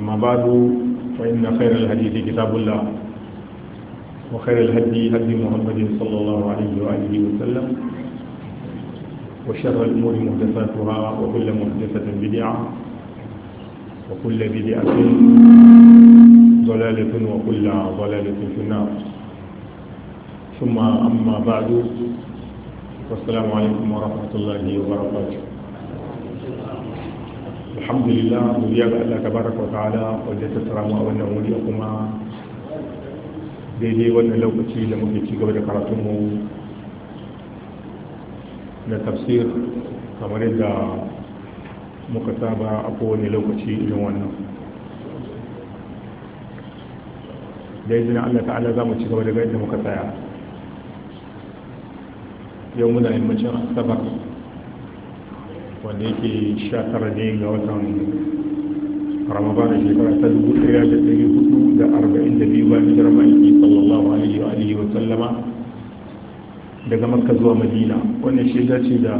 أما بعد فإن خير الحديث كتاب الله وخير الهدي هدي محمد صلى الله عليه وآله وسلم وشر الأمور محدثاتها وكل محدثة بدعة وكل بدعة ضلالة وكل ضلالة في النار ثم أما بعد والسلام عليكم ورحمة الله وبركاته alhamdulillah godiya ga Allah tabaraka wa ta'ala wanda ta tsara mu a wannan wuri kuma daidai wannan lokaci da muke ci gaba da karatunmu mu na tafsir kamar yadda muka saba a kowane lokaci irin wannan da izinin Allah ta'ala za mu ci gaba da yadda muka tsaya yau muna yammacin asabar wanda yake sha tara ne ga watan ramadana shekara ta dubu ɗaya da dari hudu da arba'in da biyu bayan hijirar ma'aiki sallallahu alaihi wa alihi wa sallama daga makka zuwa madina wannan shi ya ce da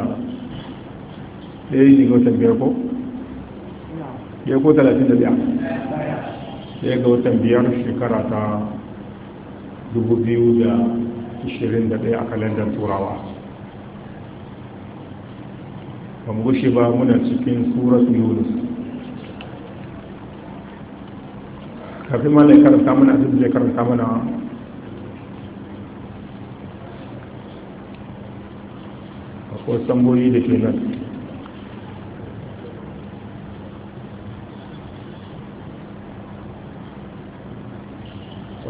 ɗaya ne ga watan biyar ko ya ko talatin da biyar ɗaya ga watan biyar shekara ta dubu biyu da ishirin da ɗaya a kalandar turawa ba mu ba muna cikin suratu yunus kafi ma ne karanta mana abin da karanta mana akwai tamboyi da ke nan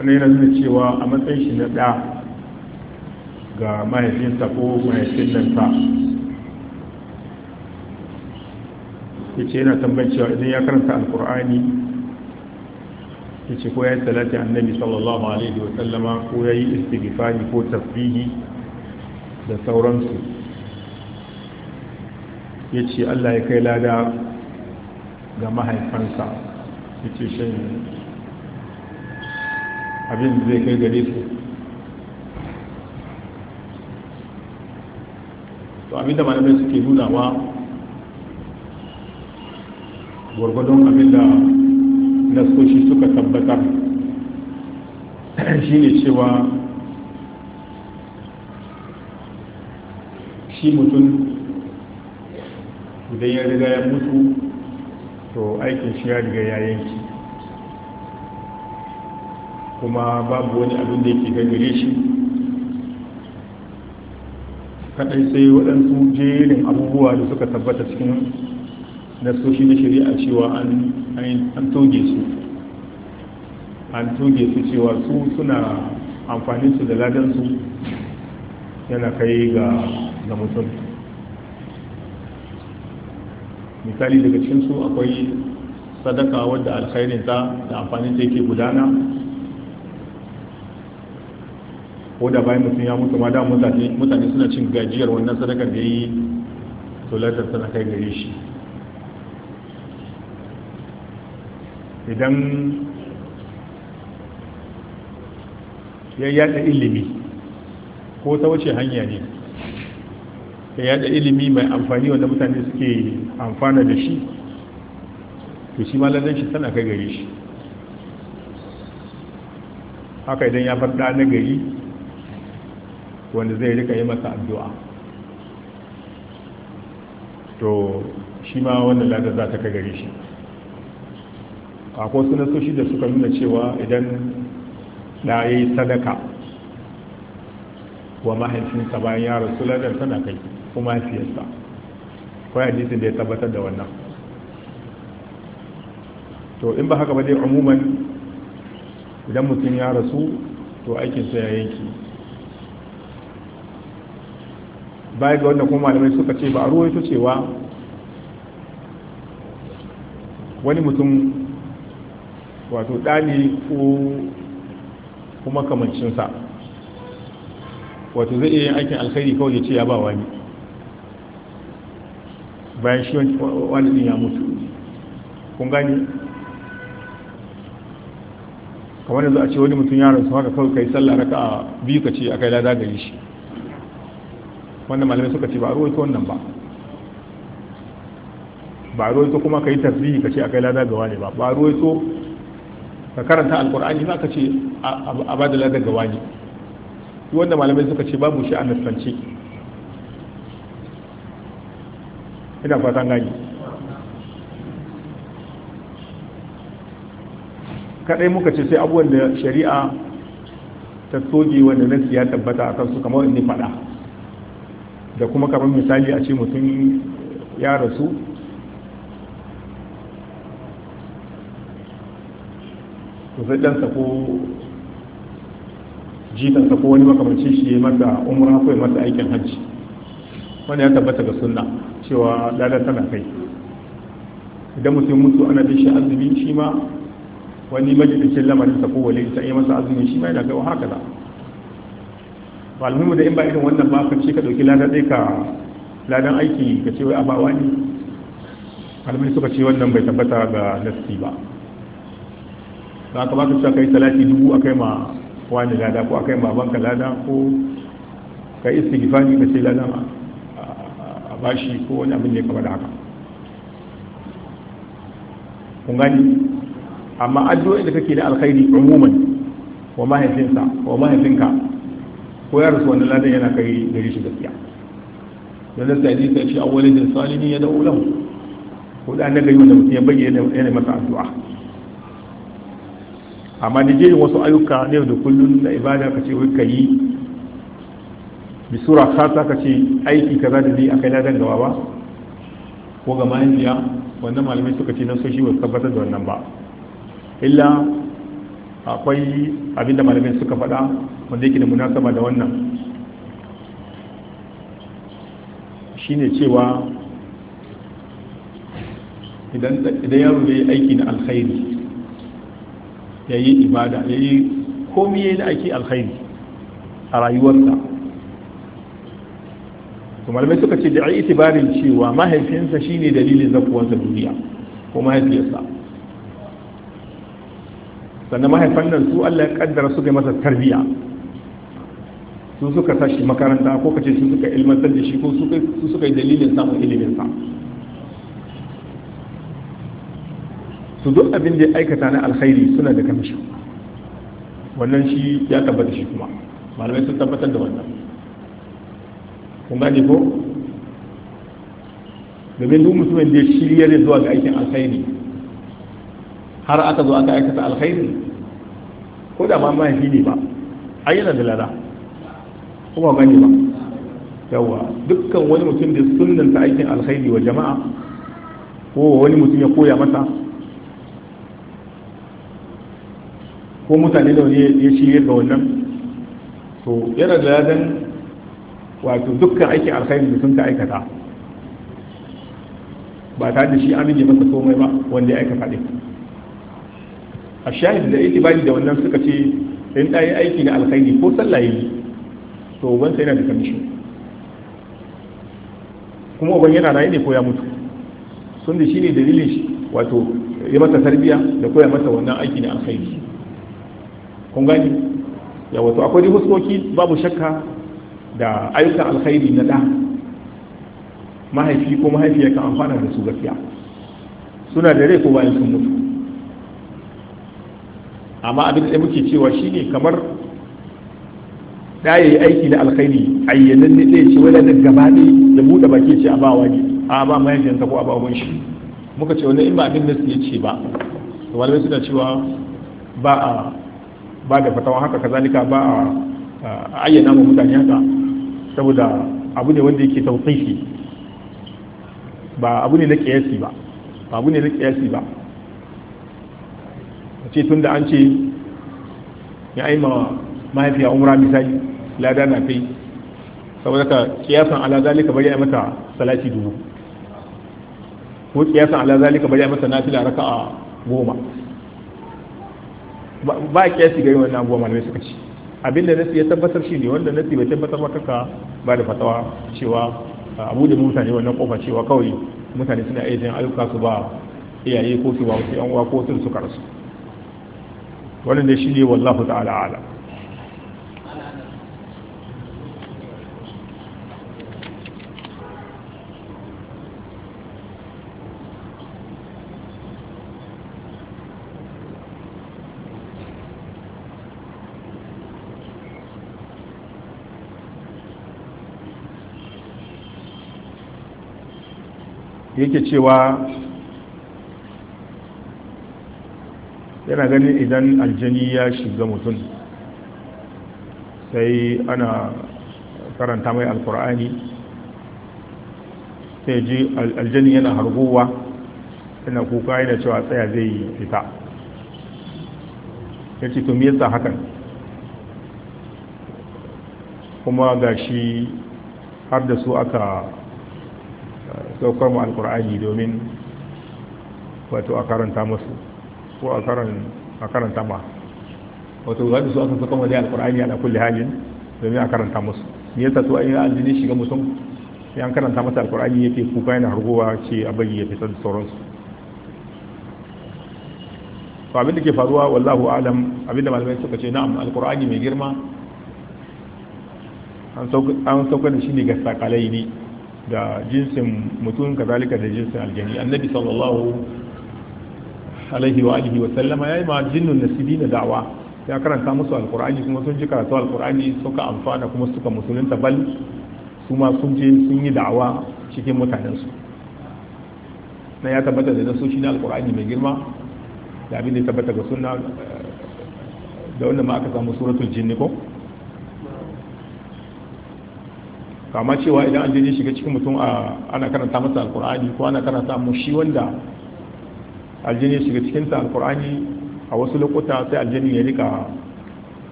wani yana zai cewa a matsayin shi na ɗa ga mahaifinta ko mahaifin nan ya ce yana tambayin cewa idan ya karanta alkur'ani ya ce ko ya yi salati annabi sallallahu alaihi wasallama ko ya yi istighfari ko tasbihi da sauransu ya ce allah ya kai lada ga mahaifansa ya ce shan abin zai kai gare su to abinda malamai suke nunawa gwargwadon abin da nasoshi suka tabbatar shi ne cewa shi mutum idan ya riga ya mutu to aikin shi ya riga ya yanki kuma babu wani abin da yake gagare shi kadai sai waɗansu jerin abubuwa da suka tabbata cikin nasoshi na shari'a cewa an toge su an toge su cewa su suna amfani su da ladansu yana kai ga mutum misali daga cinsu akwai sadaka wadda ta da amfani ta yake gudana ko da bayan mutum ya mutu ma da mutane suna cin gajiyar wannan sadakar da ya yi to tana kai gare shi idan ya yada ilimi ko ta wuce hanya ne ya yada ilimi mai amfani wanda mutane suke amfana da shi to shi maladan shi tana kai gare shi haka idan ya farɗa na gari wanda zai rika yi masa addu'a to shi ma wannan lada za ta kai gare shi Akwai wasu nasoshi da suka nuna cewa idan da ya yi sadaka wa mahaifinsa bayan ya rasu ladar tana kai Kuma mahaifiyarsa kawai hadisin da ya tabbatar da wannan to in ba haka ba dai umuman idan mutum ya rasu to aikinsa ya yanki baya ga wannan kuma malamai suka ce ba a ruwa ya cewa wani mutum wato dani ko kuma kamancinsa wato zai iya yin aikin alkhairi kawai ya ce ya ba wani bayan shi wani ya mutu kun gani kamar yanzu a ce wani mutum yaron su haka kawai kai sallah raka a biyu ka ce a kai lada gari shi wannan malamai suka ce ba a ruwaito wannan ba ba a ruwaito kuma ka yi tasiri ka ce a kai lada gawa ne ba ba a ruwaito ka karanta alkur'ani ba ka ce a ba da ladar gawa ne wanda malamai suka ce babu shi a nasance ina fatan gani kadai muka ce sai abubuwan da shari'a ta soge wanda nasi ya tabbata a kansu kamar inda fada da kuma kamar misali a ce mutum ya rasu to sai ɗansa ko jikansa ko wani makamanci shi ya masa umra ko ya masa aikin hajji wani ya tabbata ga sunna cewa lalar tana kai idan mutum mutu ana bin shi azumi shi ma wani majalisar lamarin sa ko wani ta yi masa azumi shi ma yana kai haka da ba almuhimu da in ba irin wannan ba ka ce ka ɗauki ladan ɗai ka ladan aiki ka ce wai abawa ne almuhimu suka ce wannan bai tabbata ga nasti ba za ka baka cewa kai talati dubu akai ma wani lada ko akai ma ka lada ko kai istighfari ka ce lada a bashi ko wani abin da ya kama da haka kun gani amma addu'o'in da kake da alkhairi umuman wa mahaifinsa wa mahaifinka ko ya rasu wani ladan yana kai gari shi gaskiya don da sai ya ce awwalin da salimi ya da'u ko da na gari wanda mutum ya bayyana yana masa addu'a amma da jerin wasu ayyuka yau da kullum na ibada ka ce ka yi bisura kasa ka ce aiki kaza da zai akai ladan gawa ba ko ga jiya wannan malamai suka ce na so shi ba tabbatar da wannan ba illa akwai abinda malamai suka faɗa wanda yake da munasaba da wannan shine cewa idan yaro ya yi aiki na alkhairi ya yi ibada ya yi komiye da ake alkhairi a rayuwarsa to malamai suka ce da ai itibarin cewa mahaifinsa shine dalilin zafuwarsa duniya ko mahaifiyarsa sannan mahaifan nan su Allah ya kaddara su ga masa tarbiya su suka tashi makaranta ko kace su suka ilmantar da shi ko su suka yi dalilin samun iliminsa. su duk abin da ya aikata na alkhairi suna da kamishi wannan shi ya tabbata shi kuma malamai sun tabbatar da wannan Kun gani ko domin duk mutumin da ya shirya zuwa ga aikin alkhairi har aka zo aka aikata alkhairi ko da ma mahaifi ne ba ai yana da lada kuma gani ba yawa dukkan wani mutum da sunanta aikin alkhairi wa jama'a ko wani mutum ya koya masa ko mutane da wani ya shirya ga wannan to yana da ladan wato dukkan aikin alkhairi da sun ka aikata ba ta da shi amince masa komai ba wanda ya aikata ɗin a shahid da itibari da wannan suka ce in ɗaya aiki na alkhairi ko sallah yi to wansa yana da kamishin kuma uban yana raye ne ko ya mutu sun da shi ne dalilin wato ya mata sarbiya da koya masa wannan aiki na alkhairi kun gani ya wato akwai huskoki babu shakka da ayyukan alkhairi na da mahaifi ko mahaifiya yakan amfana da su gaskiya suna da rai ko bayan sun mutu amma abin da muke cewa shi ne kamar da yayi aiki da alkhairi ayyanan ne ɗaya ce wani da gaba ne da buɗe baki ce a ba wani a ba mahaifiyarsa ko a ba wani shi muka ce wani in ba abin da su ya ce ba to wani suna cewa ba a ba da fatawa haka kazalika ba a ayyana mu mutane haka saboda abu ne wanda yake tauqifi ba abu ne na kiyasi ba ba abu ne na kiyasi ba ce da an ce ya aima mahaifiya umra misali lada na kai saboda ka kiyasan ala zalika bari a mata salati dubu ko kiyasan ala zalika bari a mata nafila a goma ba a kiyasi ga yin wannan abuwa malamai suka ce abinda nasi ya tabbatar shi ne wanda nasi bai tabbatar maka ka ba da fatawa cewa abu da mutane wannan kofa cewa kawai mutane suna iya jin ayyuka su ba iyaye ko su ba wasu yan uwa ko su karasu rasu wannan ne shi ne wallahu ta'ala ala yake cewa yana ganin idan aljani ya shiga mutum sai ana karanta mai alkur'ani sai ji aljani yana harguwa yana kuka yana cewa tsaya zai yi fita ya ce to yasa hakan kuma ga shi har da su aka saukar mu alkur'ani domin wato a karanta musu ko a karanta ma wato zai su aka saukar wani alkur'ani a kulle halin domin a karanta musu me yasa to ayi aljini shiga mutum sai an karanta masa alkur'ani fi kuka yana hargowa ce a bayi ya fitar da sauransu to abin da ke faruwa wallahu alam abin da malamai suka ce na'am alkur'ani mai girma an sauka da shi ne ga sakalai ne da jinsin mutum kazalika da jinsin aljani annabi sallallahu alaihi wa alihi wa sallama yayi ma jinnun nasibina da'wa ya karanta musu alqur'ani kuma sun ji karatu alqur'ani suka amfana kuma suka musulunta bal su ma sun je sun yi da'awa cikin mutanensu na ya tabbata da nasoshi na alkur'ani mai girma da abin da ya tabbata ga sunna eh, da wannan ma aka samu suratul jinni ko kama cewa idan an jeje shiga cikin mutum ana karanta masa alkur'ani ko ana karanta mu shi wanda aljini shiga cikinsa alkur'ani a wasu lokuta sai aljini ya rika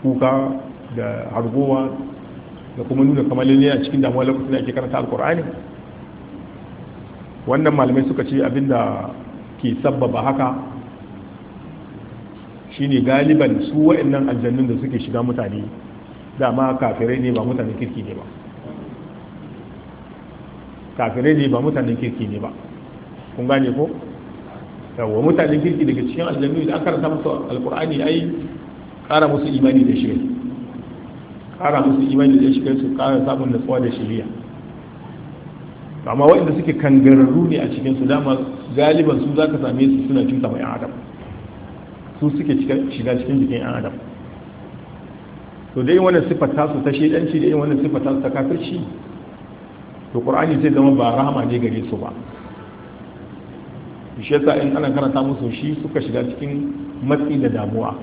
kuka da hargowa da kuma nuna kamar lalle a cikin damuwa lokacin da ake karanta alkur'ani wannan malamai suka ce da ke sabbaba haka shine galiban su wa'annan aljannun da suke shiga mutane dama kafirai ne ba mutane kirki ne ba kafirai ne ba mutanen kirki ne ba kun gane ko yawa mutanen kirki daga cikin aljannu da aka rasa musu alkur'ani ai kara musu imani da shirya kara musu imani da shirya su kara samun natsuwa da shirya amma waɗanda suke kangararru ne a cikin su dama galiban su za ka same su suna cuta mai adam su suke shiga cikin jikin yan adam to dai wannan siffar tasu ta shedanci da yin wannan siffar tasu ta kafirci to qur'ani zai zama ba rahama ne gare su ba shi yasa in ana karanta musu shi suka shiga cikin matsi da damuwa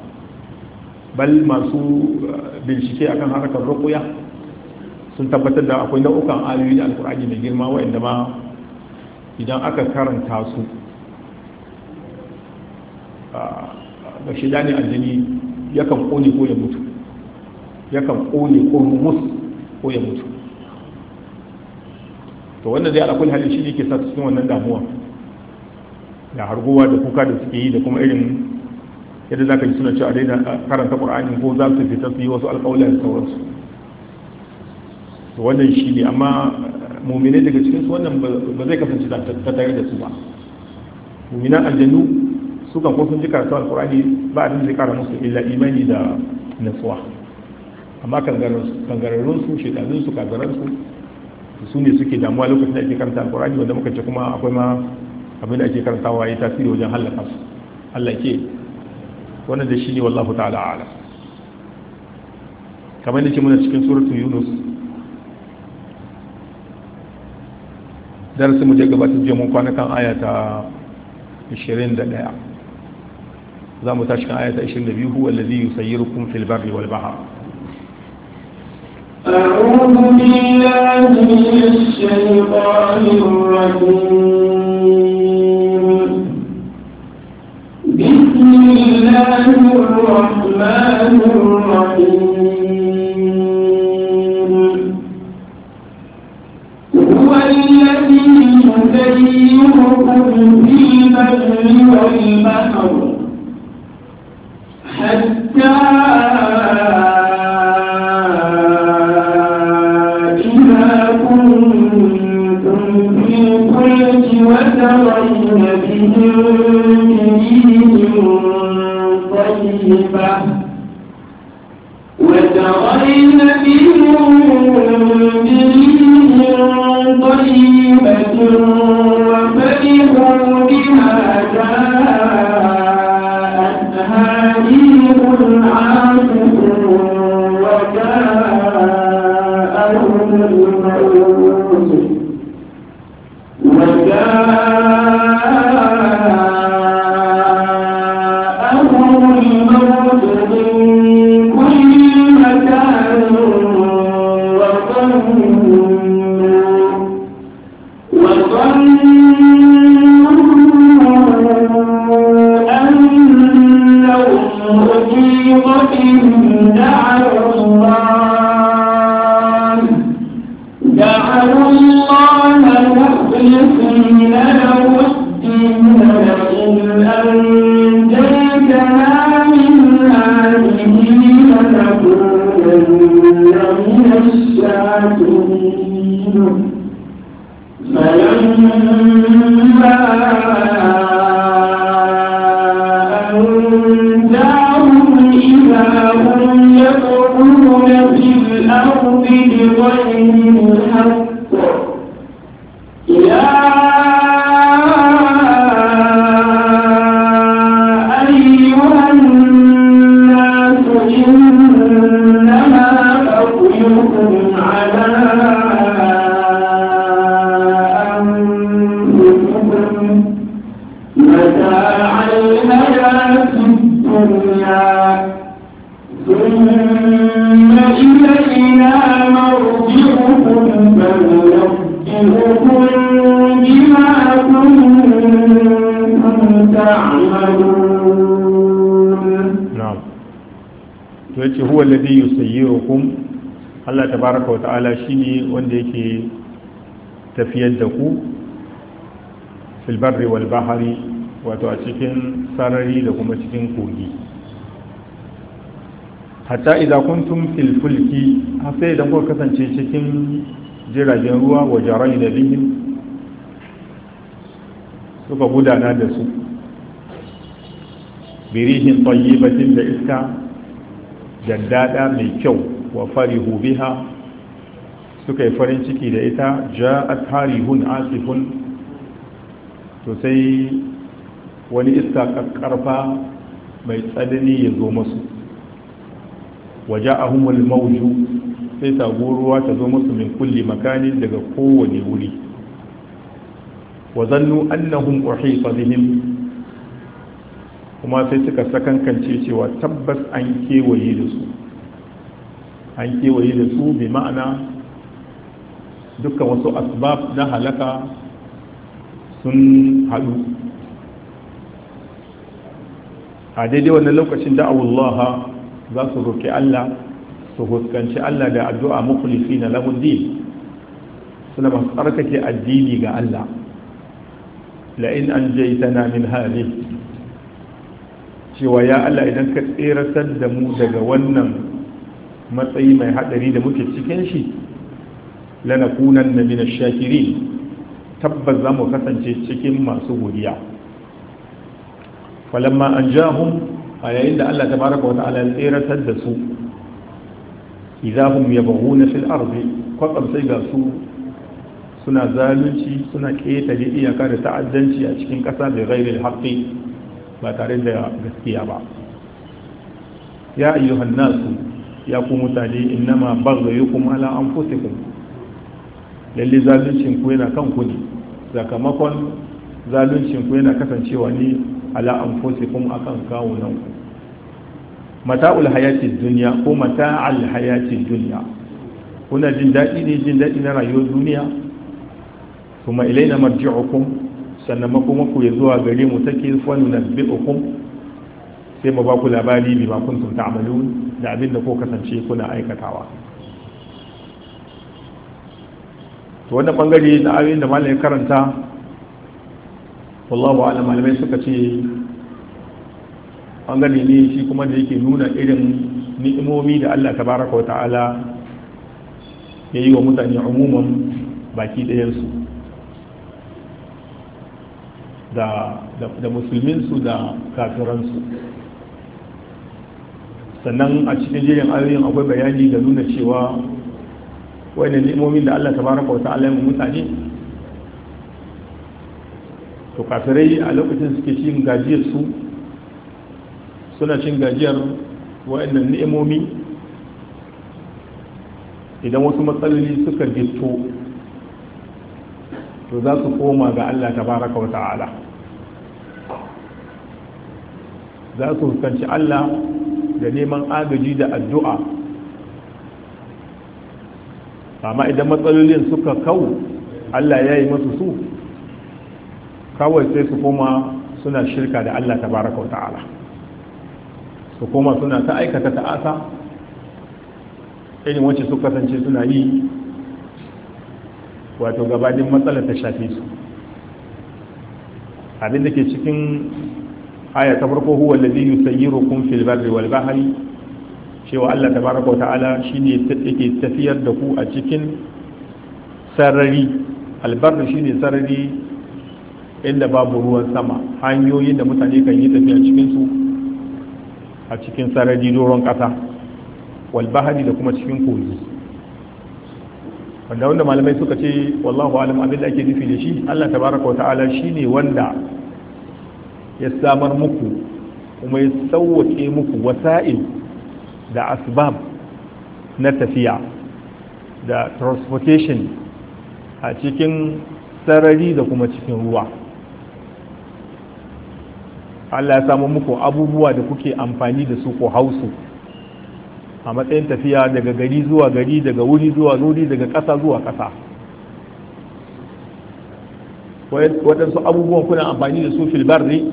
bal masu uh, bincike akan harkar ruqya sun tabbatar da akwai nau'ukan ayoyi da alkur'ani mai girma waɗanda ma idan aka karanta su uh, ga shida ne aljini yakan kone ko ya mutu yakan kone ko mus ko ya mutu to wanda zai alakul hali shi ke sa cikin wannan damuwa da harguwa da kuka da suke yi da kuma irin yadda za ka yi suna cewa daina karanta ƙur'ani ko za su fita su yi wasu alƙawla da sauransu to wannan shi ne amma muminai daga cikin su wannan ba zai kasance ta tare da su ba muminan aljannu su kan ko sun ji karatu alƙur'ani ba abin zai kara musu illa imani da natsuwa amma kangararrun su shekarun su su ne suke damuwa lokacin da ake karanta alkurani wanda muka ce kuma akwai ma abin da ake karantawa ya tasiri wajen hallaka su Allah ke wannan da shi ne wallahu ta'ala ala kamar da ke muna cikin suratun yunus darasin mu je gabatar jemun kwanakan aya ta 21 za mu tashi kan aya ta 22 huwa allazi yusayyirukum fil barri wal bahr أعوذ بالله من الشيطان الرجيم بسم الله الرحمن الرحيم هو الذي يبينكم في البر والبحر طيبة وترين منهم طيبة وفرحوا بما جاءتها ريح عاصف وجاءهم متاع الحياة الدنيا ثم إلينا مرجعكم فننبئكم بما كنتم تعملون نعم هو الذي يسيركم Allah tabaraka wa ta'ala shine wanda yake tafiyar da ku fil barri wal bahri wato a cikin sarari da kuma cikin kogi hatta idza kuntum fil fulki hatta idan kuka kasance cikin jiragen ruwa wa jarai da bihim suka gudana da su birihin tayyibatin da iska jaddada mai kyau wa farihu biha suka yi farin ciki da ita ja'at harihun asifun to sai wani iska karfa mai tsanani ya zo masu waje a ahumul mawuju sai taguruwa ta zo masu min kulle makani daga kowane wuri wa zannu annahum uhita bihim kuma sai suka sakankance cewa tabbas an kewaye da su an kewaye da su bi ma'ana dukkan wasu asbab na halaka sun haɗu a daidai wannan lokacin Allah za su roƙi Allah su huskanci Allah da addu'a na lahu din suna masu tsarkake addini ga Allah la'in an tana min hali cewa ya Allah idan ka tseratar da mu daga wannan matsayi mai haɗari da muke cikin shi Lana lanakunan na min shakirin tabbas za mu kasance cikin masu godiya falamma an jahum a yayin da Allah tabaraka wa ta'ala tseratar da su idahum na fil ardi kwatsam sai ga su suna zalunci suna ketare iyaka da ta'addanci a cikin ƙasa da ghairil haqqi ba tare da gaskiya ba ya ayyuhan nasu ya ku mutane innama baghayukum ala anfusikum lalle zaluncin ku yana kan ku ne sakamakon zaluncin ku yana kasancewa ne ala anfusikum akan kawunan ku mata'ul hayatid dunya ko mata'al hayatid dunya kuna jin daɗi ne jin daɗi na rayuwar duniya kuma ilaina marji'ukum sannan makomaku ya zuwa gare mu take fanu na bi'ukum sai mu ba ku labari bi ma kuntum ta'malun da abin da ko kasance kuna aikatawa to wannan bangare da ayoyin da malamin karanta wallahu ala malamai suka ce an gani ne shi kuma da yake nuna irin ni'imomi da Allah tabaraka wa ta'ala ya yi wa mutane umuman baki ɗayansu da musulminsu da kafiransu sannan a cikin jirin ayoyin akwai bayani da nuna cewa wani ni'imomin da Allah tabaraka wa ta'ala ya mutane to kafirai a lokacin suke cin gajiyar su suna cin gajiyar wa'annan ni'imomi idan wasu matsaloli suka gito to za su koma ga Allah tabaraka wa ta'ala za su fuskanci Allah da neman agaji da addu'a amma idan matsalolin suka kawo Allah ya yi masu su kawai sai su koma suna shirka da Allah tabaraka ta'ala su koma suna ta aikata ta'asa irin wacce su kasance suna yi wato gabanin matsalar ta shafe su abin da ke cikin aya ta farko huwa allazi yusayyirukum fil barri wal bahri cewa Allah tabaraka ta'ala shine yake tafiyar da ku a cikin sarari albarri shine sarari inda babu ruwan sama hanyoyin da mutane kan yi tafiya cikinsu a cikin sarari doron ƙasa walbahari da kuma cikin kogi wanda wanda malamai suka ce wallahu alam abin da ake nufi da shi allah tabaraka wa ta'ala shine wanda ya samar muku kuma ya sauwaƙe muku wasa'il da asbab na tafiya da transportation a cikin sarari da kuma cikin ruwa Allah ya samu muku abubuwa da kuke amfani da su ko hausu a matsayin tafiya daga gari zuwa gari daga wuri zuwa wuri daga ƙasa zuwa ƙasa waɗansu abubuwan kuna amfani da su filbarri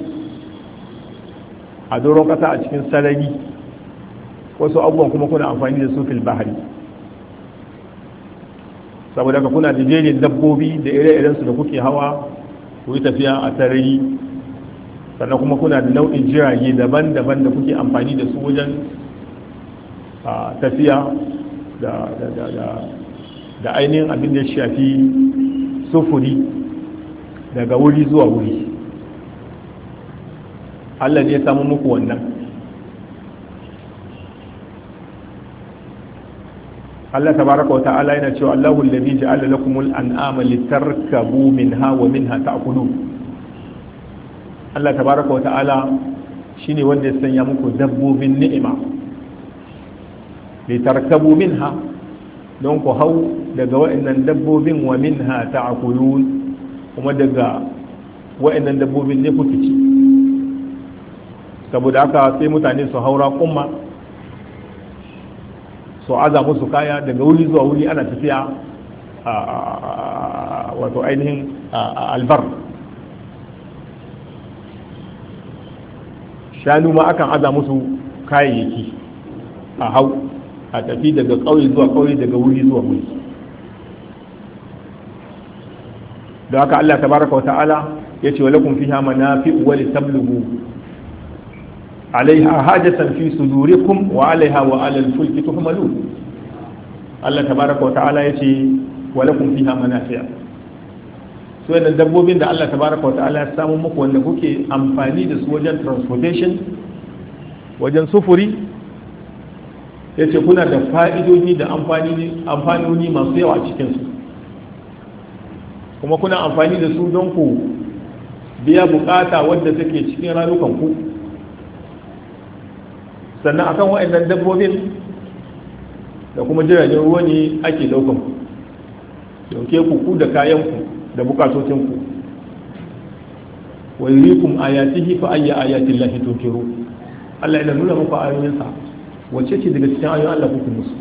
a doron ƙasa a cikin sarari wasu abubuwan kuma kuna amfani da su filbahari saboda ka kuna da jerin dabbobi da ire-irensu da kuke hawa ku yi tafiya a sarari sannan kuma kuna da nau'in jirage daban-daban da kuke amfani da su wajen tafiya da ainihin abin da shafi sufuri daga wuri zuwa wuri allah ne ya samu muku wannan Allah tabaraka wa ta'ala yana cewa Allahu allazi ja'ala lakumul an'ama litarkabu minha wa minha ta'kulun Allah tabaraka wa ta'ala shine wanda ya sanya muku dabbobin ni'ima litarkabu minha don ku hau daga wa'annan dabbobin wa minha ta'kulun kuma daga wa'annan dabbobin ne kuke ci saboda haka sai mutane su haura kuma su aza musu kaya daga wuri zuwa wuri ana tafiya wato ainihin albar shanu ma akan aza musu kayayyaki a hau a tafi daga ƙauye zuwa ƙauye daga wuri zuwa wuri da haka Allah tabaraka wa ta'ala ya ce wa lakum fiha manafi'u wa litablugu alaiha hajatan fi sudurikum wa alaiha wa alal fulki tuhmalu Allah tabaraka wa ta'ala ya ce fi hama fiha manafi'u su yana dabbobin da Allah tabaraka wata'ala ya samu muku wanda kuke amfani da su wajen transportation wajen sufuri ya ce kuna da fa'idoji da amfanoni masu yawa cikinsu kuma kuna amfani da su don ku biya bukata wadda take cikin ranukanku sannan akan waɗannan dabbobin da kuma jiragen ruwa ne ake daukan ku dauke ku ku da kayanku da bukatocin ku wa yurikum ayatihi fa ayya ayati llahi tunkiru Allah yana nuna muku ayoyinsa wacce ce daga cikin ayoyin Allah kuke musu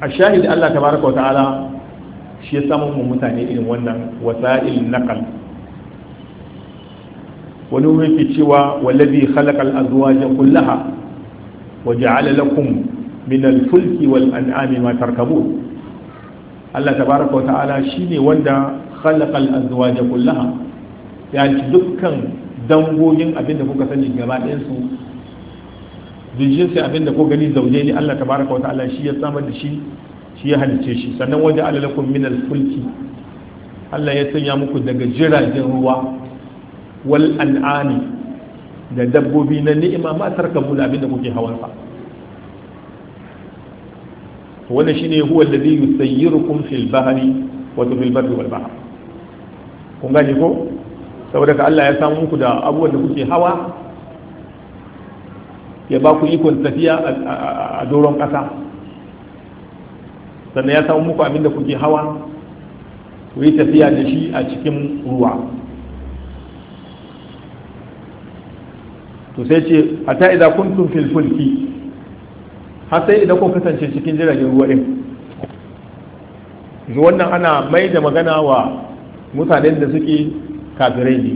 a shahid Allah tabaraka Wata'ala shi ya samu mu mutane irin wannan wasa'il naqal wani wurin ke cewa wallazi khalaqal azwaja kullaha wa ja'ala lakum min al-fulki wal an'ami ma tarkabun Allah tabaraka shi shine wanda khalaqal azwaja kullaha ya ci dukkan dangogin abin kuka sani gaba ɗayan su jinjin sai abin da ko gani zauje ne Allah tabaraka ta'ala shi ya samar da shi shi ya halice shi sannan wajen alalakum min fulki Allah ya sanya muku daga jiragen ruwa wal an'ani da dabbobi na ni'ima ma tarkabu da abin kuke hawan sa wani shi ne huwa alladhi yi fil bahri wa fil barri wal bahr kun gane ko saboda ka Allah ya samu muku da abubuwan da kuke hawa ya ba ku ikon tafiya a doron ƙasa sannan ya samu muku abin da kuke hawa ku yi tafiya da shi a cikin ruwa to sai ce a ta idan kuntum fil fulki har sai idan kun kasance cikin jiragen ruwa din wannan ana mai da magana wa mutanen da suke kafirai ne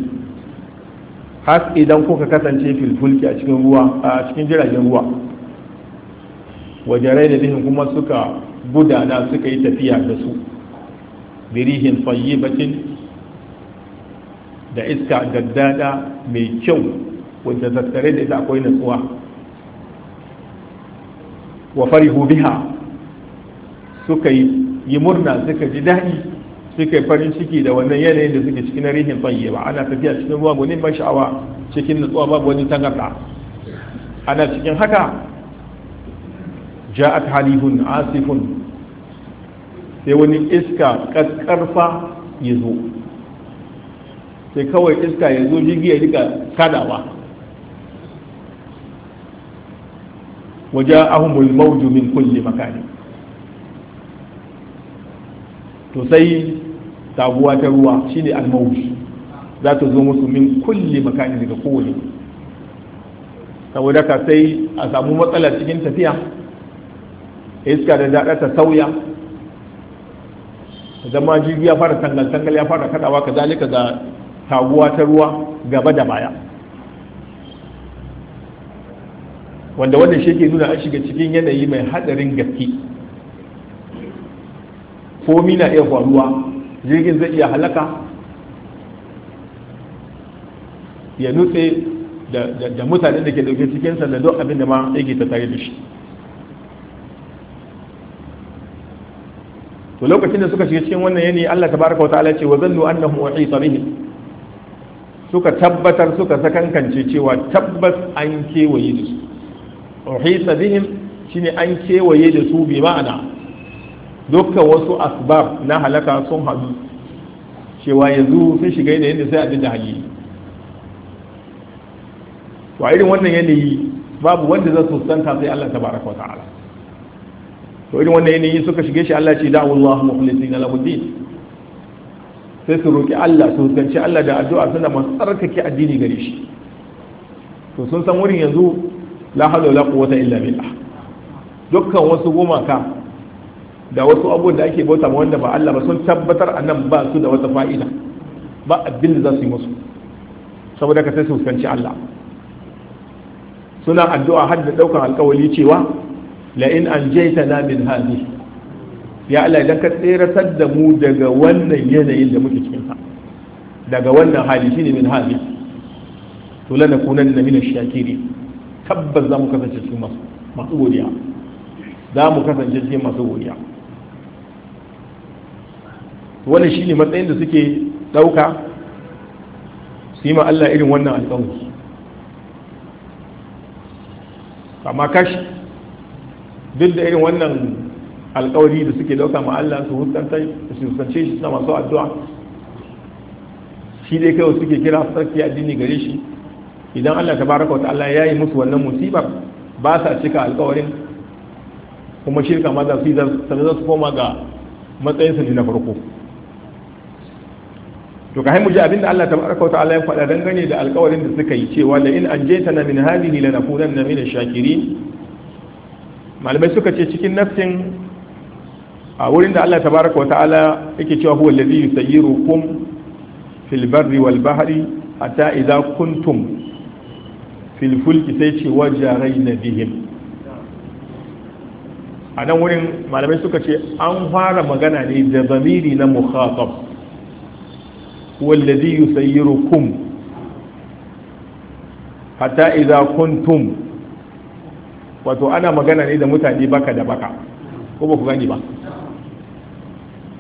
har idan kuka kasance filfulki a cikin ruwa a cikin jiragen ruwa wajarai da bihin kuma suka gudana suka yi tafiya da su birihin tayyibatin da iska daddada mai kyau wadda tattare da ita akwai natsuwa wa farihu biha suka yi murna suka ji daɗi suka yi farin ciki da wannan yanayin da suke cikin rihin tsaye ba ana tafiya cikin ruwa gwanin ban sha'awa cikin nutsuwa babu wani tangarda ana cikin haka ja'at halihun asifun sai wani iska ƙarƙarfa ya zo sai kawai iska ya zo jirgi ya rika kadawa وجاءهم الموج من كل مكان to sai tabuwa ta ruwa shine al-mawj za zo musu min kulli makani daga kowane saboda ka sai a samu matsalar cikin tafiya iska da daɗa ta sauya zama jirgi ya fara tangal-tangal ya fara kadawa kazalika ga taguwa ta ruwa gaba da baya wanda wannan shi ke nuna an shiga cikin yanayi mai hadarin gaske komi na iya faruwa jirgin zai iya halaka ya nutse da mutanen da ke dauke cikinsa da duk abin da ma yake ta tare da shi to lokacin da suka shiga cikin wannan yanayi Allah tabaraka wa ta'ala ce wa zannu annahu uhita bihim suka tabbatar suka sakankance cewa tabbas an kewaye da su uhisa bihim shine an kewaye da su bi ma'ana dukkan wasu asbab na halaka sun hadu cewa yanzu sun shiga yanayin da sai a ji da hali to a irin wannan yanayi babu wanda zai sustanta sai Allah tabaraka wa ta'ala to irin wannan yanayi suka shige shi Allah ce da'u Allah mukhlisin lahu din sai su roki Allah su hukunci Allah da addu'a suna masu tsarkake addini gare shi to sun san wurin yanzu la hawla wala quwwata illa billah dukkan wasu gumaka da wasu abubuwan da ake bauta ma wanda ba Allah ba sun tabbatar a nan ba su da wata fa'ida ba abin da za su yi musu saboda ka sai su fuskanci Allah suna addu'a har da daukan alkawari cewa la in anjaytana min hadhihi ya Allah idan ka tseratar da mu daga wannan yanayin da muke cikin sa daga wannan hali shine min hadhihi to lanakunanna min ash-shakirin tabbas za mu kasance cikin masu godiya za mu kasance cikin masu godiya shi shine matsayin da suke dauka su yi ma Allah irin wannan alƙawari amma kashi duk da irin wannan alƙawari da suke dauka ma Allah su huskance shi suna masu addu'a shi dai kawai suke kira sarki addini gare shi idan Allah tabaraka wa ta'ala ya yi musu wannan musibar ba sa cika alƙawarin kuma shirka ma za su yi za su koma ga matsayinsu ne na farko to ka haimu ji abinda Allah tabaraka wa ta'ala ya faɗa dangane da alkawarin da suka yi cewa da in an na min hadhihi lanakunanna min ash-shakirin malamai suka ce cikin nafsin a wurin da Allah tabaraka wa ta'ala yake cewa huwa alladhi yusayyirukum fil barri wal bahri hatta idza kuntum fil fulki sai ce wajarai na bihim a nan wurin malamai suka ce an fara magana ne da zamiri na mukhatab wallazi yusayyirukum hatta idza kuntum wato ana magana ne da mutane baka da baka ko ba ku gani ba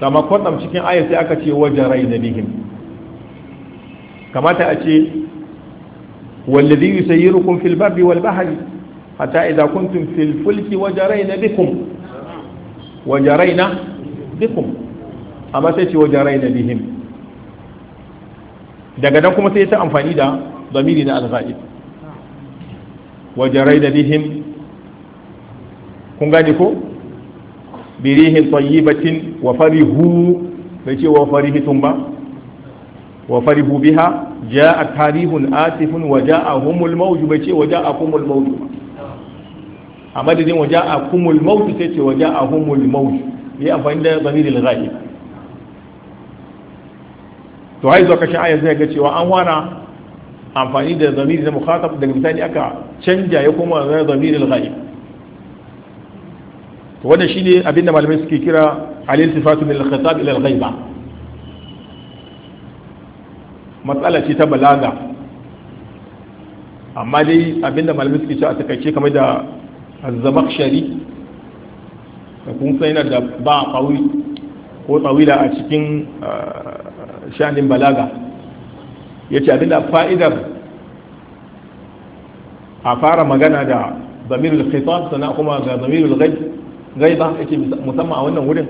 sama cikin aya sai aka ce wajarai na bihim kamata a ce والذي يسيركم في البر والبحر حتى إذا كنتم في الفلك وجرينا بكم وجرينا بكم أما سيتي وجرينا بهم إذا كانت دقدكم سيتي أنفاني دا ضميرنا الغائب وجرينا بهم كن غانيكو بريه طيبة وفرهوا بيتي وفريه تنبأ wa farihu biha ja'a tarihin atifun wa ja'ahumul mawju bai ce wa ja'akumul mawju a madadin wa ja'akumul mawju sai ce wa ja'ahumul mawju yi amfani da zamiril ghaib to haizo kashin ayat zai ga cewa an wana amfani da zamiri na mukhatab daga misali aka canja ya koma na zamiril ghaib to wannan abinda malamai suke kira al-iltifatu min al-khitab al matsala ce ta balaga amma dai abinda malamai suke cewa a takaice kamar da shari da kun sai na da ba a ko tsawila a cikin eh, shanin balaga ya ce abinda fa'idar a fara magana da zamirul khitab sana kuma ga zamirul gaiba yake musamman a wannan wurin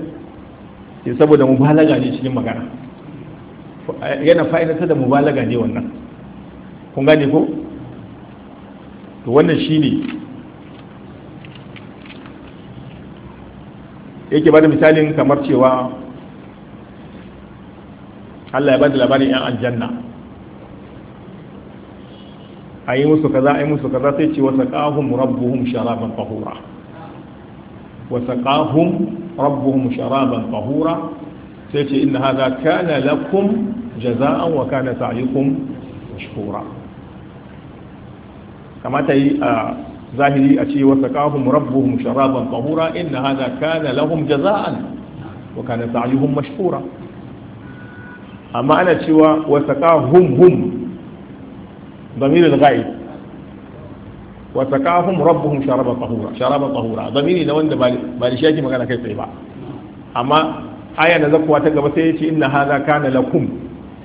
Ke saboda mubalaga ne cikin magana yana ta da mubalaga ne wannan kun gane ko to wannan shine yake bada misalin kamar cewa Allah ya bada labarin yan aljanna a yi musu kaza a yi musu kaza sai ce wasa ƙahun rabbuhum sharaban fahura wasa ƙahun rabbuhum sharaban fahura sai ce inna haza kana lakum jaza'an wa kana sa'yukum mashkura kamata yi a zahiri a ce wa saqahum rabbuhum sharaban tahura inna hadha kana lahum jaza'an wa kana sa'yuhum mashkura amma ana cewa wa saqahum hum ضمير الغائب وسقاهم ربهم شرابا طهورا شرابا magana kai tsaye ba amma aya na zakuwa ta gaba sai تقبل سيتي إن هذا كان لكم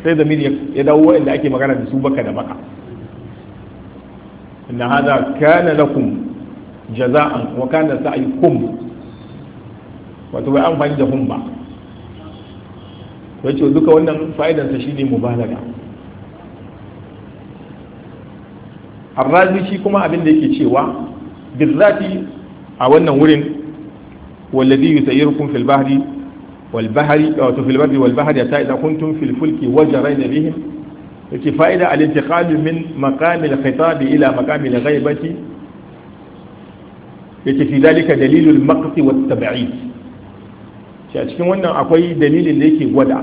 sai zamiri ya dawo waɗanda ake magana da su baka da baka inna hada kana lakum jaza'an wa kana sa'yukum wato bai amfani da hum ba to duka wannan fa'idansa shine mubalaga arrazi shi kuma abin da yake cewa bizzati a wannan wurin wallazi yusayyirukum fil bahri والبحر أو في البر والبحر يتا إذا كنتم في الفلك وجرين بهم الكفائدة الانتقال من مقام الخطاب إلى مقام الغيبة yake fi zalika dalilul maqti wa tab'id shi a cikin wannan akwai dalilin da yake gwada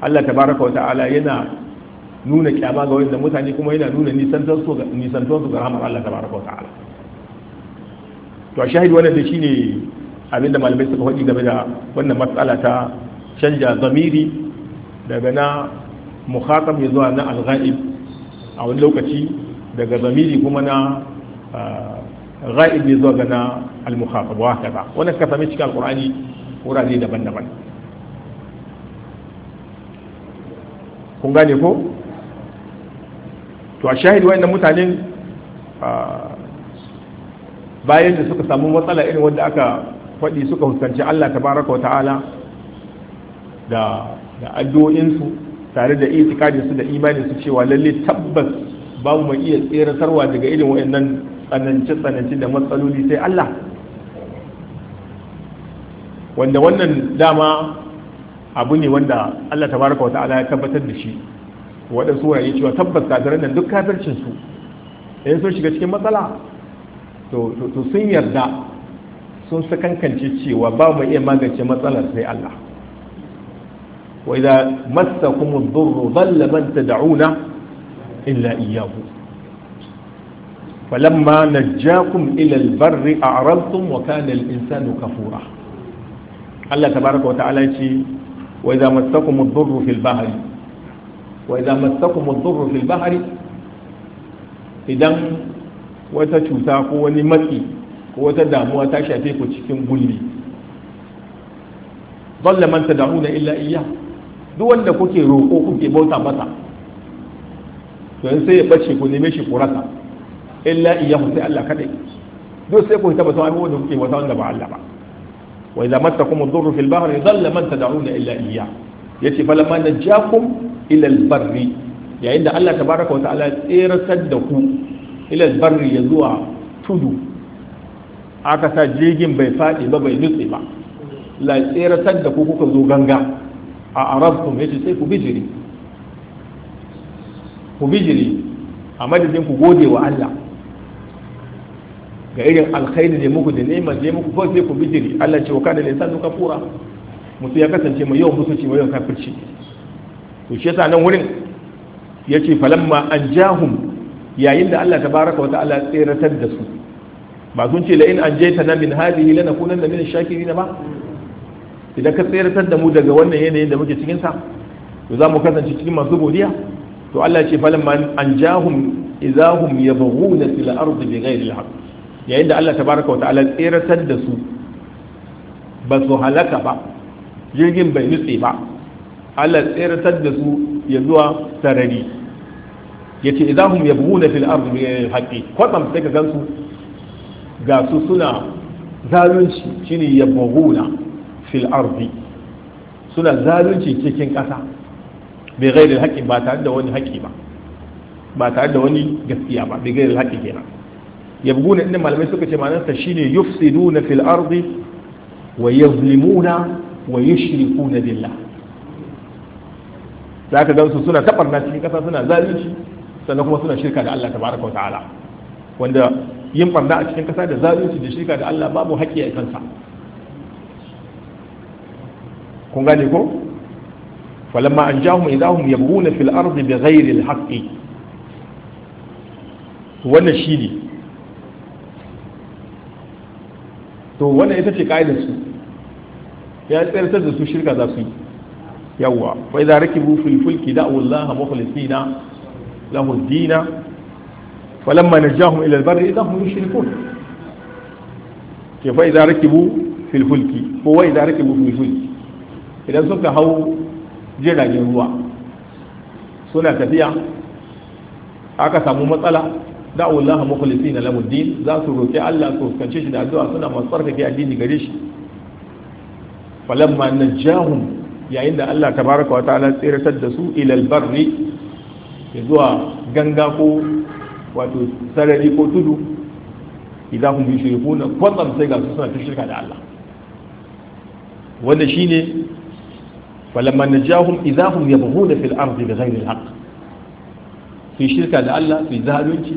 Allah tabaraka wa ta'ala yana nuna kyama ga wanda mutane kuma yana nuna nisan tansu ga nisan Allah tabaraka wa ta'ala to shahid wannan da shine abinda malamai suka faɗi game da wannan matsala ta canja zamiri daga na muhatam ya zuwa na alghaib a wani lokaci daga zamiri kuma na ghaib ya zuwa ga na almuhatab wa kaza wannan ka sami cikin alkur'ani wurare daban-daban kun gane ko to a wa wayannan mutanen bayan da suka samu matsala irin wanda aka faɗi suka huskanci Allah tabaraka wa ta'ala da da addu'o'insu tare da itikadin su da imanin su cewa lalle tabbas babu mai iya sarwa daga irin wayannan tsananci tsananci da matsaloli sai Allah wanda wannan dama abu ne wanda Allah tabaraka wa ta'ala ya tabbatar da shi waɗansu yi cewa tabbas kafiran nan duk kafircin su sun shiga cikin matsala to sun yarda sun kankance cewa ba mu iya magance matsalar sai Allah wa idza massakum ad-durru dhalla man tad'una illa iyyahu falamma najjakum ila al-barri a'radtum wa kana al-insanu kafura Allah tabaaraka wa ta'ala ce wa idza massakum ad-durru fil bahri wa idza massakum ad-durru fil bahri idan wata cuta ko wani matsi ko wata damuwa ta shafe ku cikin gulli dalla man tad'una illa iyyah duk wanda kuke roƙo kuke bauta masa to sai ya bace ku neme shi kurasa illa iyyah sai Allah kadai duk sai ku taba sai wanda kuke wata wanda ba Allah ba wa idza mattakum ad-durru fil bahri dalla man tad'una illa iyyah yace falamma najakum ila al-barri yayin da Allah tabaraka wa ta'ala tsere da ku ila al-barri ya zuwa tudu aka sa jirgin bai faɗi ba bai nutse ba la tseratar da kuka zo ganga a arabtum yace sai ku bijiri ku bijiri a madadin ku gode wa Allah ga irin alkhairi ne muku da neman je muku ko sai ku bijiri Allah ce wa kana ka kafura mutu ya kasance mai yawan mutunci mai yawan kafirci to shi yasa nan wurin yace falamma anjahum yayin da Allah tabaraka wa ta'ala tseratar da su ba sun ce la'in an jaita na min hadihi lana kunan da min na ba idan ka tsayar da mu daga wannan yanayin da muke cikin sa to za mu kasance cikin masu godiya to Allah ce falan ma an jahum idahum yabghuna fil ardi bighairi al-haq yayin da Allah tabaraka wa ta'ala tsayar da su ba su halaka ba jirgin bai nutse ba Allah tsayar da su ya zuwa sarari yace idahum yabghuna fil ardi bighairi al-haq kwatsam sai ka gansu ga su suna zalunci shine yabghuna fil ardi suna zalunci cikin ƙasa bai gairi haƙƙi ba tare da wani haƙƙi ba ba tare da wani gaskiya ba bai gairi haƙƙi kenan ya yabghuna inda malamai suka ce ma'anarsa shine yufsiduna fil ardi wa yazlimuna wa yushrikuna billah za ka gansu suna taɓarna cikin ƙasa suna zalunci sannan kuma suna shirka da Allah tabaraka wa ta'ala wanda yin barna a cikin kasa da zalunci da shirka da Allah babu haƙƙi a kansa kun gane ko falamma an jahum idahum yabghuna fil ardi da al haƙƙi. wannan ne. to wannan ita ce kaidar su ya tsartar da su shirka za su yi yawwa fa idza rakibu fil fulki da'u Allah mukhlisina lahu ad falamma najahum ila albarri idahum yushrikun ke fa idan rakibu fil fulki ko wa idan rakibu fil fulki idan suka hau jiragen ruwa suna tafiya aka samu matsala da'u Allah mukhlisin lahu din za su roki Allah su kance shi da addu'a suna masu tsarkake addini gare shi falamma najahum yayin da Allah tabaraka wa ta'ala tsiratar da su ila albarri zuwa ganga ko wato sarari ko tudu idan kuma yushriku na kwatsam sai ga su suna ta shirka da Allah wanda shine falamma najahum idahum yabghuna fil ardi bighayri al-haq fi shirka da Allah fi zalunci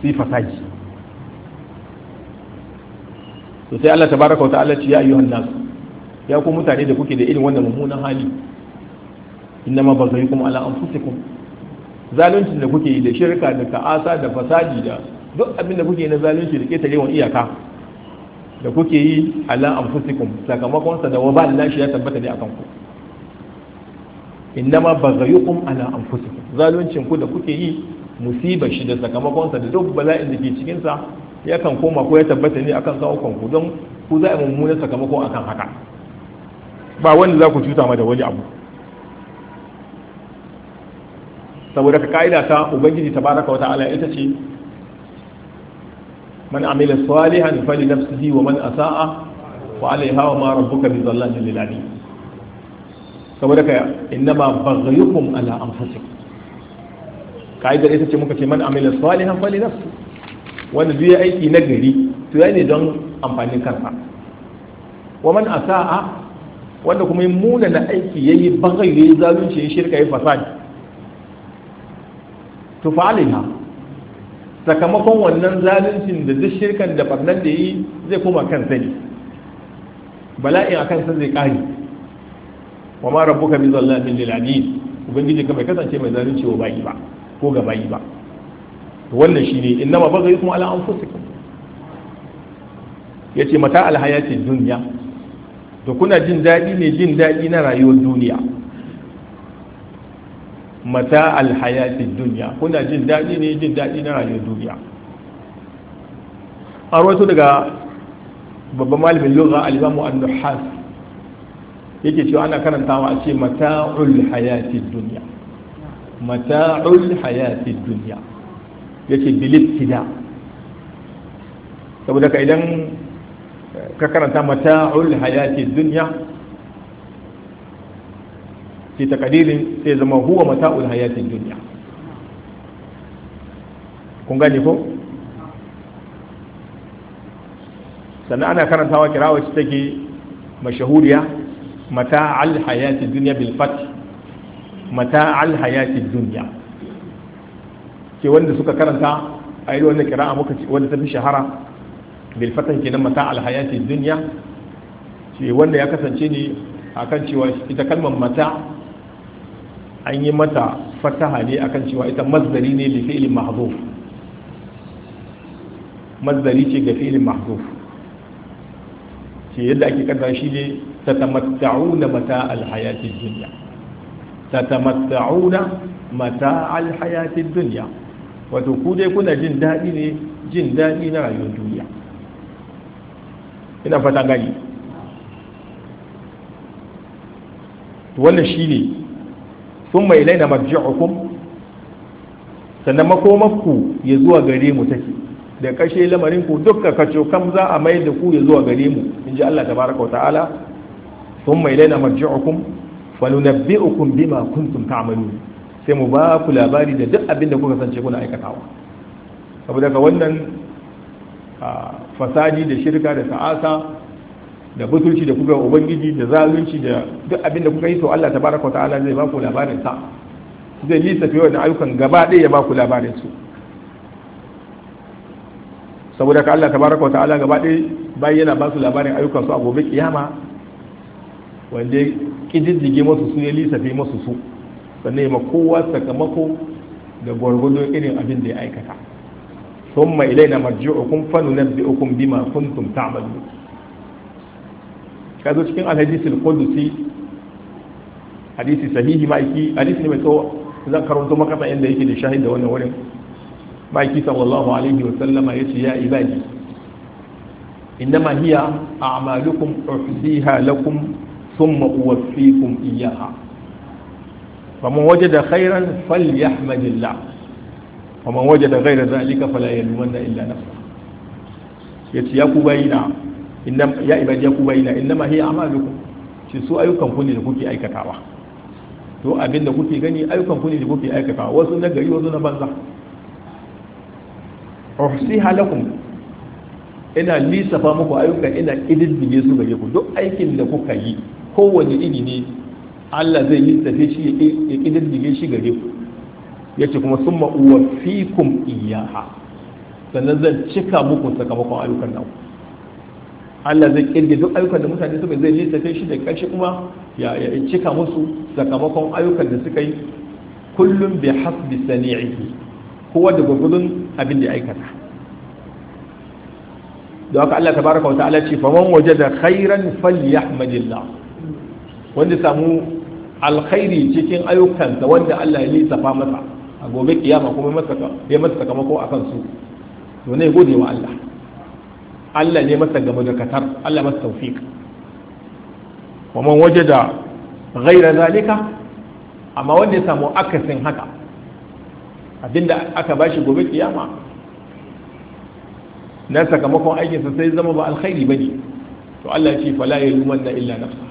fi fasadi to sai Allah tabaraka wa ta'ala ce ya yi nas ya ku mutane da kuke da irin wannan mummunan hali inna ma kuma ala anfusikum zaluncin da kuke yi da shirka da ta'asa da fasadi da duk abin da kuke yi na zalunci da ketare wa iyaka da kuke yi ala anfusikum sakamakon sa da wabal lashi ya tabbata ne akan ku innama baghayukum ala anfusikum zaluncin ku da kuke yi musiba shi da sakamakon sa da duk bala'in da ke cikin sa ya kan koma ko ya tabbata ne akan kawukan ku don ku za mummunan mummuna sakamakon akan haka ba wanda za ku cuta ma da wani abu saboda ka ka'ida ta ubangiji tabaraka wa ta'ala ita ce man amila salihan fali nafsihi wa man asa'a wa alaiha wa ma rabbuka bi zallatin lil abid saboda ka innama baghyukum ala anfusikum ka'idar ita ce muka ce man amila salihan fali nafsi wanda duk ya aiki na gari to ya ne don amfanin kansa wa man asa'a wanda kuma yi muna na aiki yayi baghayi yayi zalunci yayi shirka yayi fasadi tufaliha sakamakon wannan zaluncin da duk shirkan da barnar da yi zai koma kan sani bala'in a kansa zai kare wa ma rabbuka bi zallamin lil abid ubangiji ka bai kasance mai zalunci wa bayi ba ko ga bayi ba wannan shi ne shine innama baghayukum ala anfusikum yace mata al hayatid dunya to kuna jin daɗi ne jin daɗi na rayuwar duniya mata alhayatid duniya kuna jin daɗi ne jin daɗi na rayuwar duniya a rawaito daga babban malamin lura alimamu an-nuhas yake cewa ana karantawa a ce mata'ul hayatid duniya mata'ul hayatid duniya yake bilibtida saboda ka idan ka karanta mata'ul hayatid duniya fi takadirin sai zama huwa mata'ul hayatin duniya kun gani ko sannan ana karantawa kirawa ce take mashahuriya mata'al hayatin duniya bilfat fath mata'al hayatin duniya ke wanda suka karanta a yi wannan kira'a muka ce wanda ta fi shahara bilfatan kenan mata'al hayatin duniya ce wanda ya kasance ne akan cewa ita kalmar mata' an yi mata fataha ne akan cewa ita mazdari ne da fi'ilin mahzuf mazdari ce ga fi'ilin mahzuf ce yadda ake kaddara shi ne tatamatta'una mata alhayatid dunya tatamatta'una mata alhayatid dunya wato ku dai kuna jin daɗi ne jin daɗi na rayuwar duniya ina fata gani wannan shi ne sun mai laina hukum sannan makomarku ya zuwa gare mu take da kashe lamarinku dukka kaco kam za a mai da ku ya zuwa gare mu in ji Allah tabaraka wa ta'ala sun mai laina hukum falunabbi'ukum bima kuntum ta'malun sai mu ba ku labari da duk abin da kuka sance kuna aikatawa saboda ka wannan ah, fasadi da shirka da sa'asa da butulci da kuka ubangiji da zalunci da duk abin da kuka yi to Allah tabaraka ta'ala zai ba ku labarin sa zai lissafi wa ayyukan gaba ɗaya ya ba ku labarin su saboda ka Allah tabaraka ta'ala gaba ɗaya bayan yana ba su labarin ayyukan su a gobe kiyama wanda ya kididdige masu su ya lissafe masu su sannan ma kowa sakamako da gwargwadon irin abin da ya aikata ثم إلينا مرجعكم فننبئكم بما كنتم تعملون Ka zo cikin alhadisul qudusi hadisi sahihi maiki hadisi ne mai tsawo zan karanto maka ta inda yake da shahid da wannan wurin maiki sallallahu alaihi wa sallama yace ya ibadi innama hiya a'malukum uhsiha lakum thumma uwaffikum iyyaha faman wajada khairan falyahmadillah faman wajada ghayra dhalika fala yalumanna illa nafsahu yace ya ku bayina innam ya ibadiya ku na innama hiya a'malukum shi su ayyukan ku ne da kuke aikatawa to abin da kuke gani ayyukan ku ne da kuke aikatawa wasu na gari wasu na banza uhsiha halakum ina lissafa muku ayyuka ina kididdige su gare ku duk aikin da kuka yi kowane iri ne Allah zai lissafe shi ya kididdige shi gare ku yace kuma summa uwaffikum iyyaha sannan zan cika muku sakamakon ayyukan naku Allah zai kirge duk ayyukan da mutane suka zai nisa kai shi da kashi kuma ya cika musu sakamakon ayyukan da suka yi kullum bi hasbi sani'ihi kowa da gurgurun abin da ya aikata da haka Allah tabaraka wa ta'ala ce faman wajada khairan falyahmadillah wanda samu alkhairi cikin ayyukansa wanda Allah ya lissafa masa a gobe kiyama kuma ya masa sakamako akan su to ne gode wa Allah Allah ne masa gama da katar Allah masa tawfiq wa man da ghaira zalika amma wanda ya samu akasin haka abinda aka bashi gobe kiyama na sakamakon aikinsa sai zama ba alkhairi ba ne. to Allah ya ce fala na illa nafsa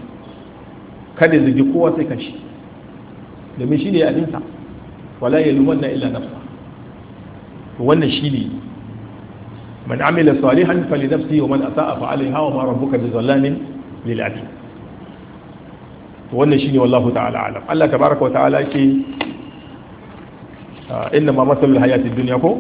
kada zugi kowa sai kashi domin shine abinsa wala na illa nafsa to wannan shi ne. من عمل صالحا فلنفسه ومن أساء فعليها وما ربك بظلام للعبيد wannan shine wallahu ta'ala alam Allah tabaraka wa ta'ala yake inna ma masalul hayati dunya ko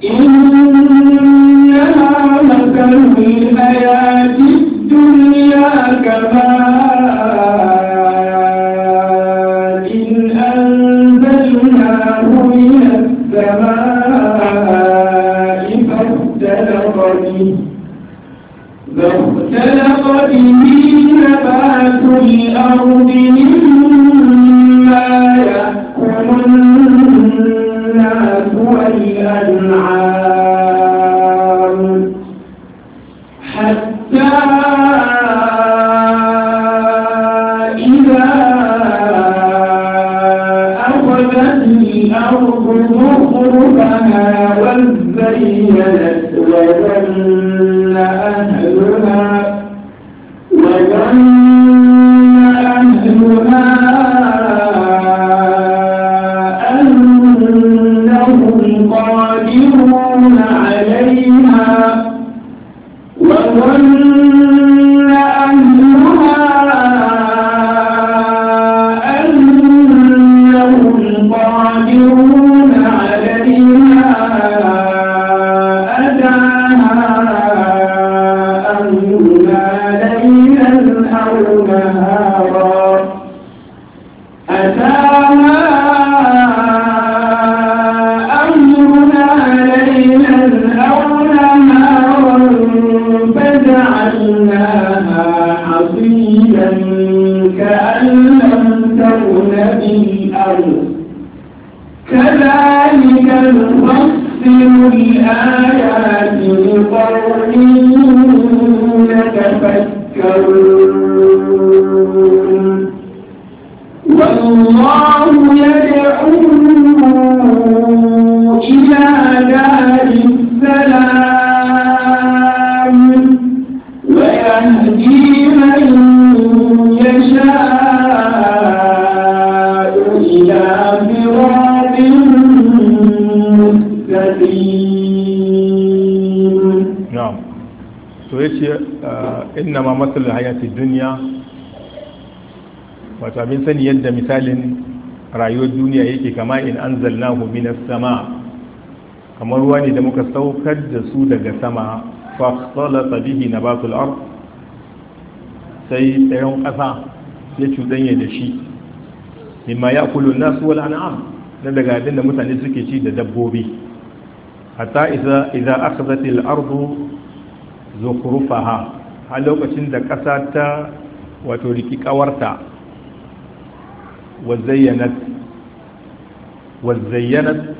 inna ma masalul hayati dunya kama now أتانا أمرنا ليلا أو نهارا فجعلناها كأن لم تكن كذلك نفصل الآن inna ma matsalin hayati duniya wato abin sani yadda misalin rayuwar duniya yake kama in an zalna minas sama kamar ruwa ne da muka saukar da su daga sama fasalata bihi na batul ar sai tsayon ƙasa ya cuɗanya da shi mimma ya kulun nasu wal an'am na daga abin da mutane suke ci da dabbobi hatta iza akhadhat al-ardu zukhrufaha a lokacin da ƙasa ta wato riki ƙawarta wazayyanat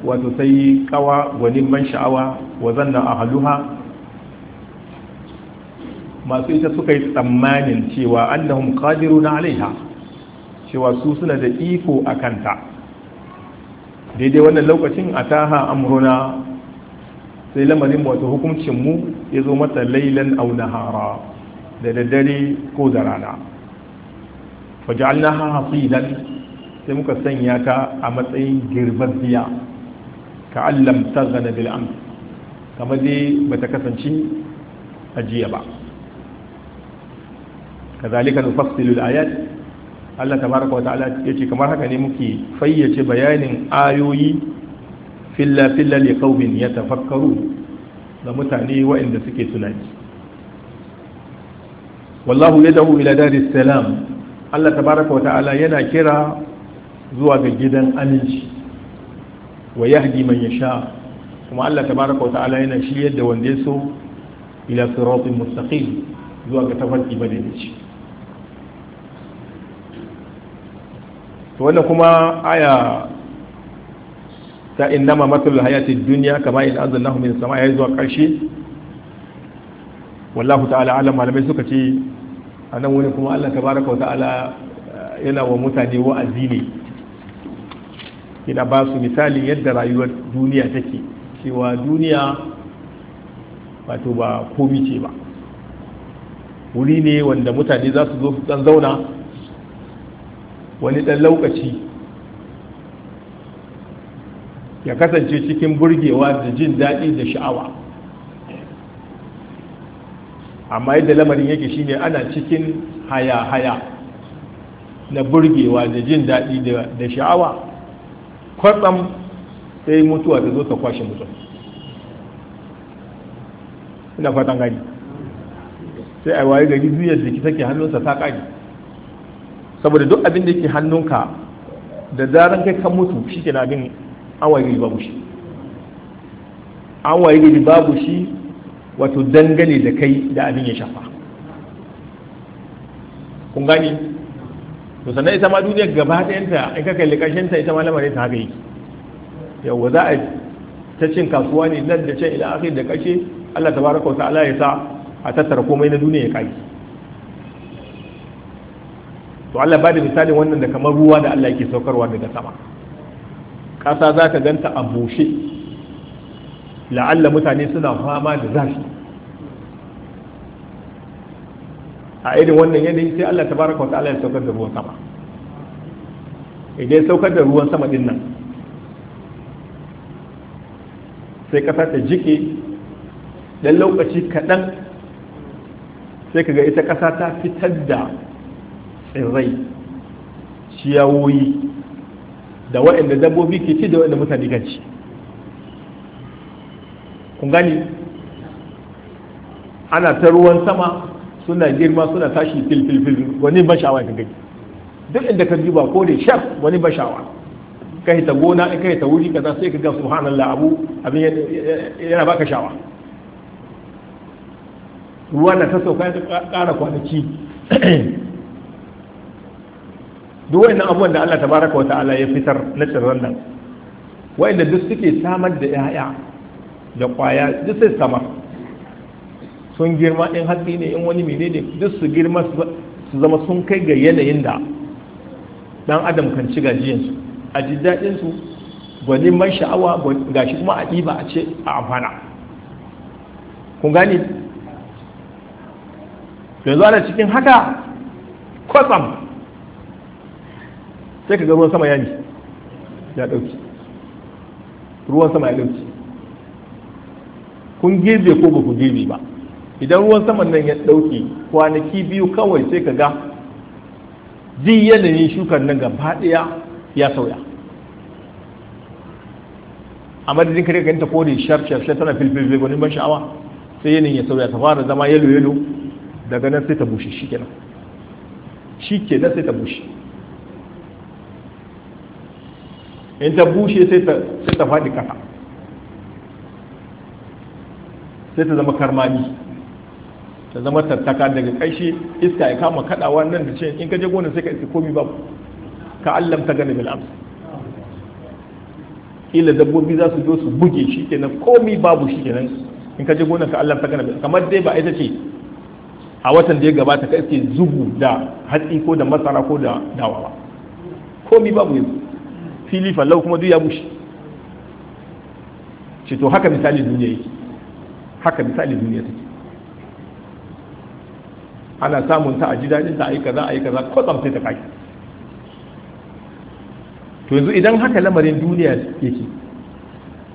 wato sai ƙawa gwanin man sha'awa wazanna a haluha masu ita suka yi tsammanin cewa annahum qadiru na alaiha cewa su suna da iko a kanta daidai wannan lokacin a taha amruna sai lamarin wato hukuncin ya zo mata lailan au nahara da daddare ko da rana waje'alna ha hasidan sai muka sanya ta a matsayin girbabbiya ka allam tazana bil am kamar dai bata kasance ajiya ba kazalika nufassilu al-ayat Allah tabaraka wa ta'ala yace kamar haka ne muke fayyace bayanin ayoyi filla filla li qaumin yatafakkaru ga mutane waɗanda suke tunani wallahu yad'u ila daris salam Allah tabaraka wa ta'ala yana kira zuwa ga gidan aminci wa yahdi man yasha kuma Allah tabaraka wa ta'ala yana shiryar da wanda ya so ila siratin mustaqim zuwa ga tafarki madaidaici to wannan kuma aya ta innama matalul hayatid dunya kama in anzalnahu min samaa'i zuwa karshe wallahu ta'ala alam malamai suka ce a nan wani kuma Allah tabaraka wa ta'ala eh, yana wa mutane wa'azi ne yana ba su misalin yadda rayuwar duniya take cewa duniya wato ba komi ce ba wuri ne wanda mutane za su zo su dan zauna wani dan lokaci ya kasance cikin burgewa da jin daɗi da sha'awa amma yadda lamarin yake shine ana cikin haya-haya na burgewa da jin daɗi da sha'awa kwatsam sai mutuwa ta zo ta kwashe mutum ina fatan gani sai a waye gari da ki take hannunsa ta ƙari saboda duk abin da yake hannunka da zaran kai kan mutu shi ke abin an waye gari babu shi an waye gari babu shi wato dangane da kai da abin ya shafa kun gani to sannan ita ma duniyar gaba ɗayanta in ka kalli ƙarshen ita ma lamarin ta haka yi yawa za a ta cin kasuwa ne nan da can ila akhir da kashe. Allah tabaraka wa ta'ala ya sa a tattara komai na duniya ya kai to Allah ba da misalin wannan da kamar ruwa da Allah yake saukarwa daga sama ƙasa za ka ganta a bushe la'alla mutane suna fama da zafi a irin wannan yanayi sai Allah tabaraka wa ta'ala ya saukar da ruwan sama idan saukar da ruwan sama din nan sai kasa ta jike dan lokaci kaɗan sai ga ita kasa ta fitar da tsirrai ciyawoyi da waɗanda dabbobi ke ci da waɗanda mutane kan ci kun gani ana ta ruwan sama suna girma suna tashi filfilfil wani bashawa ka gani duk inda ka ba ko da shaf wani bashawa ka ta gona in ka ta wuri kaza sai ka ga subhanallah abu abin yana baka shawa ruwa na ta sauka ta ƙara kwanaki duk wa'in abubuwan da Allah tabaraka wa ta'ala ya fitar na tsirran nan wa'inda duk suke samar da 'ya'ya da kwaya duk sai sama sun girma in hatsi ne in wani menene duk su girma su zama sun kai ga yanayin da dan adam kan ci gajiyarsu a ji daɗinsu gwanin man sha'awa gashi kuma a ɗiba a ce a amfana kun gani yanzu ana cikin haka kwatsam sai ka ga ruwan sama ya ya ɗauki ruwan sama ya ɗauki kun girbe ko ba ku girbe ba idan ruwan saman nan ya ɗauke kwanaki biyu kawai sai ka ga ji yanayin shukar nan gaba ɗaya ya sauya a madadin kare ganta kore sharp sharp sharp tana filfil gwanin ban sha'awa sai yanayin ya sauya ta fara zama yalo yalo daga nan sai ta bushe shi kenan shi kenan sai ta bushe in ta bushe sai ta faɗi kasa sai ta zama karmani ta zama tattaka daga ƙarshe iska ya kama kadawa nan da ce in ka je gonar sai ka isi komi babu ka allam ta gani bil amsa ila dabbobi za su zo su buge shi kenan komi babu shi kenan in ka je gonar ka allam ta gani bil kamar dai ba ita ce a watan da ya gabata ka iske zubu da hatsi ko da masara ko da dawawa komi babu yanzu fili fallau kuma duk ya bushe ce to haka misali duniya yake haka misali duniya take ana samun ta a ji daɗin ta ayi kaza ayi kaza ko sai ta kai to yanzu idan haka lamarin duniya yake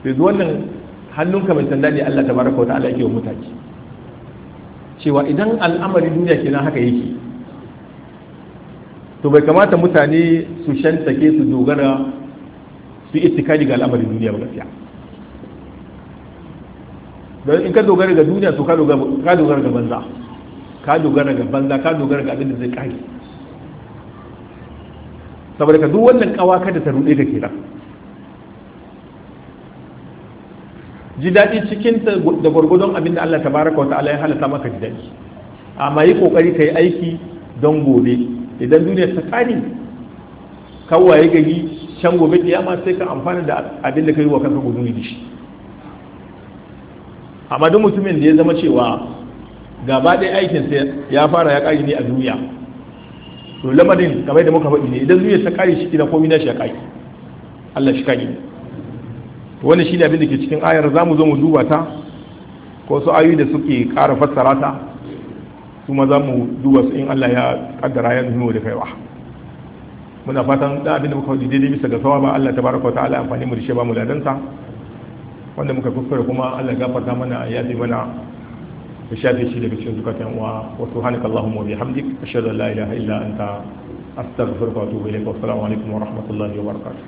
yanzu wannan hannunka mai sanda ne Allah tabaraka wa ta'ala yake wa mutaki cewa idan al'amarin duniya kenan haka yake to bai kamata mutane su shantake su dogara su ittikadi ga al'amarin duniya ba gaskiya don in ka dogara ga duniya to ka dogara ga banza ka dogara ga banza ka dogara ga abin da zai kage saboda ka duk wannan kawa kada ta rude ka kenan ji daɗi cikin da gwargwadon abin da Allah ta baraka wa ta'ala ya halatta maka ji daɗi amma yi kokari ka yi aiki don gobe idan duniya ta tsari kawai gari can gobe kiyama sai ka amfana da abin da ka yi wa kanka gudun da shi amma duk mutumin da ya zama cewa gaba ɗaya aikinsa ya fara ya ƙari ne a duniya to lamarin kamar da muka faɗi ne idan zuwa ta ƙari shi kina komai na shi ya ƙari Allah shi ƙari to wannan ne abin da ke cikin ayar za mu zo mu duba ta ko su ayoyi da suke ƙara fassara ta kuma za mu duba su in Allah ya kaddara ya zuwa da kaiwa muna fatan da abin da muka faɗi daidai bisa ga sawa ba Allah tabaraka wa ta'ala amfani mu da shi ba mu ladansa wanda muka kuskure kuma Allah gafarta mana ya bi mana ya shafe shi daga cikin zukatan uwa wa subhanaka allahumma wa bihamdik ashhadu an la ilaha illa anta astaghfiruka wa atubu ilayk wa assalamu alaikum wa rahmatullahi wa barakatuh